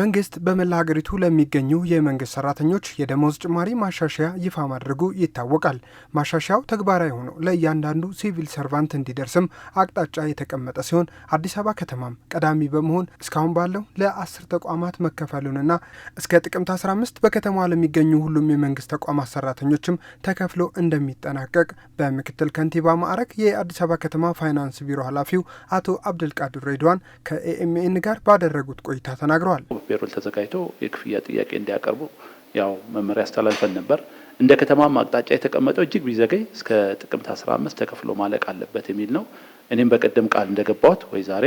መንግስት በመላ ሀገሪቱ ለሚገኙ የመንግስት ሰራተኞች የደሞዝ ጭማሪ ማሻሻያ ይፋ ማድረጉ ይታወቃል። ማሻሻያው ተግባራዊ ሆኖ ለእያንዳንዱ ሲቪል ሰርቫንት እንዲደርስም አቅጣጫ የተቀመጠ ሲሆን አዲስ አበባ ከተማም ቀዳሚ በመሆን እስካሁን ባለው ለአስር ተቋማት መከፈሉንና እስከ ጥቅምት 15 በከተማዋ ለሚገኙ ሁሉም የመንግስት ተቋማት ሰራተኞችም ተከፍሎ እንደሚጠናቀቅ በምክትል ከንቲባ ማዕረግ የአዲስ አበባ ከተማ ፋይናንስ ቢሮ ኃላፊው አቶ አብደልቃድር ሬድዋን ከኤኤምኤን ጋር ባደረጉት ቆይታ ተናግረዋል። ፔሮል ተዘጋጅቶ የክፍያ ጥያቄ እንዲያቀርቡ ያው መመሪያ አስተላልፈን ነበር። እንደ ከተማም አቅጣጫ የተቀመጠው እጅግ ቢዘገይ እስከ ጥቅምት 15 ተከፍሎ ማለቅ አለበት የሚል ነው። እኔም በቀደም ቃል እንደገባሁት ወይ ዛሬ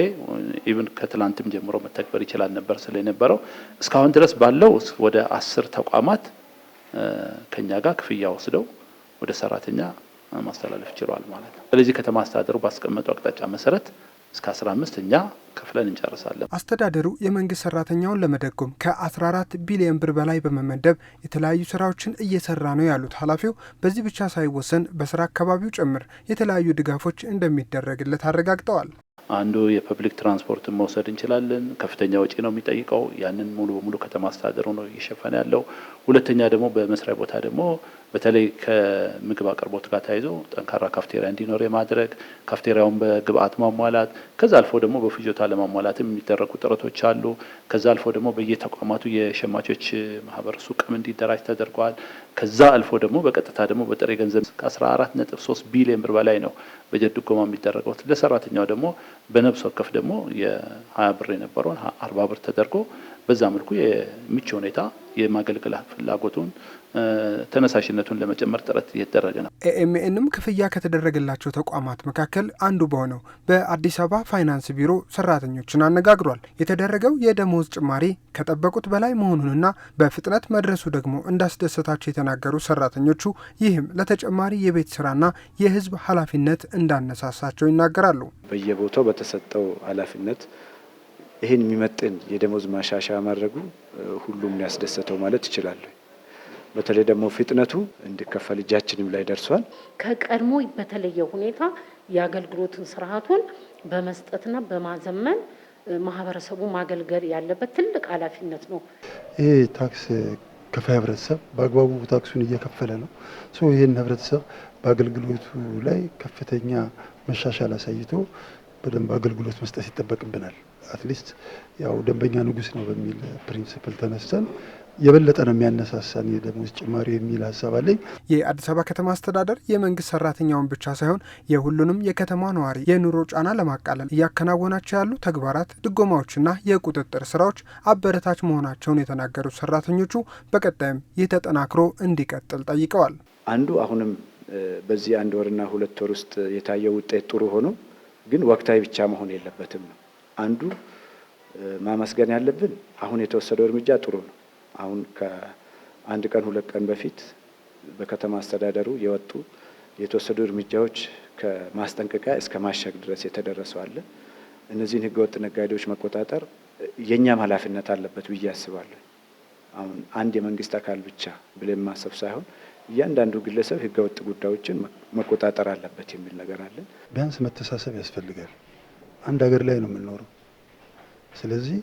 ኢቭን ከትላንትም ጀምሮ መተግበር ይችላል ነበር ስለነበረው እስካሁን ድረስ ባለው ወደ አስር ተቋማት ከኛ ጋር ክፍያ ወስደው ወደ ሰራተኛ ማስተላለፍ ችሏል ማለት ነው። ስለዚህ ከተማ አስተዳደሩ ባስቀመጠው አቅጣጫ መሰረት እስከ 15 እኛ ከፍለን እንጨርሳለን። አስተዳደሩ የመንግስት ሰራተኛውን ለመደጎም ከ14 ቢሊዮን ብር በላይ በመመደብ የተለያዩ ስራዎችን እየሰራ ነው ያሉት ኃላፊው፣ በዚህ ብቻ ሳይወሰን በስራ አካባቢው ጭምር የተለያዩ ድጋፎች እንደሚደረግለት አረጋግጠዋል። አንዱ የፐብሊክ ትራንስፖርትን መውሰድ እንችላለን። ከፍተኛ ወጪ ነው የሚጠይቀው። ያንን ሙሉ በሙሉ ከተማ አስተዳደሩ ነው እየሸፈነ ያለው። ሁለተኛ ደግሞ በመስሪያ ቦታ ደግሞ በተለይ ከምግብ አቅርቦት ጋር ተያይዞ ጠንካራ ካፍቴሪያ እንዲኖር የማድረግ ካፍቴሪያውን በግብአት ማሟላት፣ ከዛ አልፎ ደግሞ በፍጆታ ለማሟላትም የሚደረጉ ጥረቶች አሉ። ከዛ አልፎ ደግሞ በየተቋማቱ የሸማቾች ማህበር ሱቅም እንዲደራጅ ተደርጓል። ከዛ አልፎ ደግሞ በቀጥታ ደግሞ በጥሬ ገንዘብ ከ14 3 ቢሊዮን ብር በላይ ነው በጀት ድጎማ የሚደረገው ለሰራተኛው ደግሞ በነብስ ወከፍ ደግሞ የ20 ብር የነበረውን 40 ብር ተደርጎ በዛ መልኩ የምቹ ሁኔታ የማገልገል ፍላጎቱን ተነሳሽነቱን ለመጨመር ጥረት እየተደረገ ነው። ኤኤምኤንም ክፍያ ከተደረገላቸው ተቋማት መካከል አንዱ በሆነው በአዲስ አበባ ፋይናንስ ቢሮ ሰራተኞችን አነጋግሯል። የተደረገው የደሞዝ ጭማሪ ከጠበቁት በላይ መሆኑንና በፍጥነት መድረሱ ደግሞ እንዳስደሰታቸው የተናገሩ ሰራተኞቹ ይህም ለተጨማሪ የቤት ስራና የህዝብ ኃላፊነት እንዳነሳሳቸው ይናገራሉ። በየቦታው በተሰጠው ኃላፊነት ይህን የሚመጥን የደሞዝ ማሻሻያ ማድረጉ ሁሉም ያስደሰተው ማለት ይችላሉ። በተለይ ደግሞ ፍጥነቱ እንዲከፈል እጃችንም ላይ ደርሷል። ከቀድሞ በተለየ ሁኔታ የአገልግሎትን ስርዓቱን በመስጠትና በማዘመን ማህበረሰቡ ማገልገል ያለበት ትልቅ ኃላፊነት ነው። ይህ ታክስ ከፋይ ህብረተሰብ በአግባቡ ታክሱን እየከፈለ ነው። ይህን ህብረተሰብ በአገልግሎቱ ላይ ከፍተኛ መሻሻል አሳይቶ በደንብ አገልግሎት መስጠት ይጠበቅብናል። አትሊስት ያው ደንበኛ ንጉስ ነው በሚል ፕሪንስፕል ተነስተን የበለጠ ነው የሚያነሳሳን የደሞዝ ጭማሪ የሚል ሀሳብ አለኝ። የአዲስ አበባ ከተማ አስተዳደር የመንግስት ሰራተኛውን ብቻ ሳይሆን የሁሉንም የከተማ ነዋሪ የኑሮ ጫና ለማቃለል እያከናወናቸው ያሉ ተግባራት፣ ድጎማዎችና የቁጥጥር ስራዎች አበረታች መሆናቸውን የተናገሩት ሰራተኞቹ በቀጣይም ይህ ተጠናክሮ እንዲቀጥል ጠይቀዋል። አንዱ አሁንም በዚህ አንድ ወርና ሁለት ወር ውስጥ የታየው ውጤት ጥሩ ሆኖ ግን ወቅታዊ ብቻ መሆን የለበትም ነው አንዱ ማመስገን ያለብን። አሁን የተወሰደው እርምጃ ጥሩ ነው። አሁን ከአንድ ቀን ሁለት ቀን በፊት በከተማ አስተዳደሩ የወጡ የተወሰዱ እርምጃዎች ከማስጠንቀቂያ እስከ ማሸግ ድረስ የተደረሰው አለ። እነዚህን ህገወጥ ነጋዴዎች መቆጣጠር የእኛም ኃላፊነት አለበት ብዬ አስባለሁ። አሁን አንድ የመንግስት አካል ብቻ ብለን ማሰብ ሳይሆን እያንዳንዱ ግለሰብ ህገወጥ ጉዳዮችን መቆጣጠር አለበት የሚል ነገር አለን። ቢያንስ መተሳሰብ ያስፈልጋል። አንድ ሀገር ላይ ነው የምንኖረው። ስለዚህ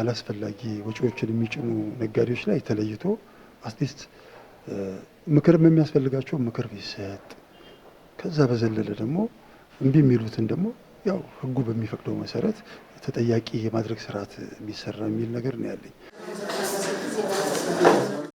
አላስፈላጊ ወጪዎችን የሚጭኑ ነጋዴዎች ላይ ተለይቶ አትሊስት ምክርም የሚያስፈልጋቸው ምክር ቢሰጥ፣ ከዛ በዘለለ ደግሞ እምቢ የሚሉትን ደግሞ ያው ህጉ በሚፈቅደው መሰረት ተጠያቂ የማድረግ ስርዓት የሚሰራ የሚል ነገር ነው ያለኝ።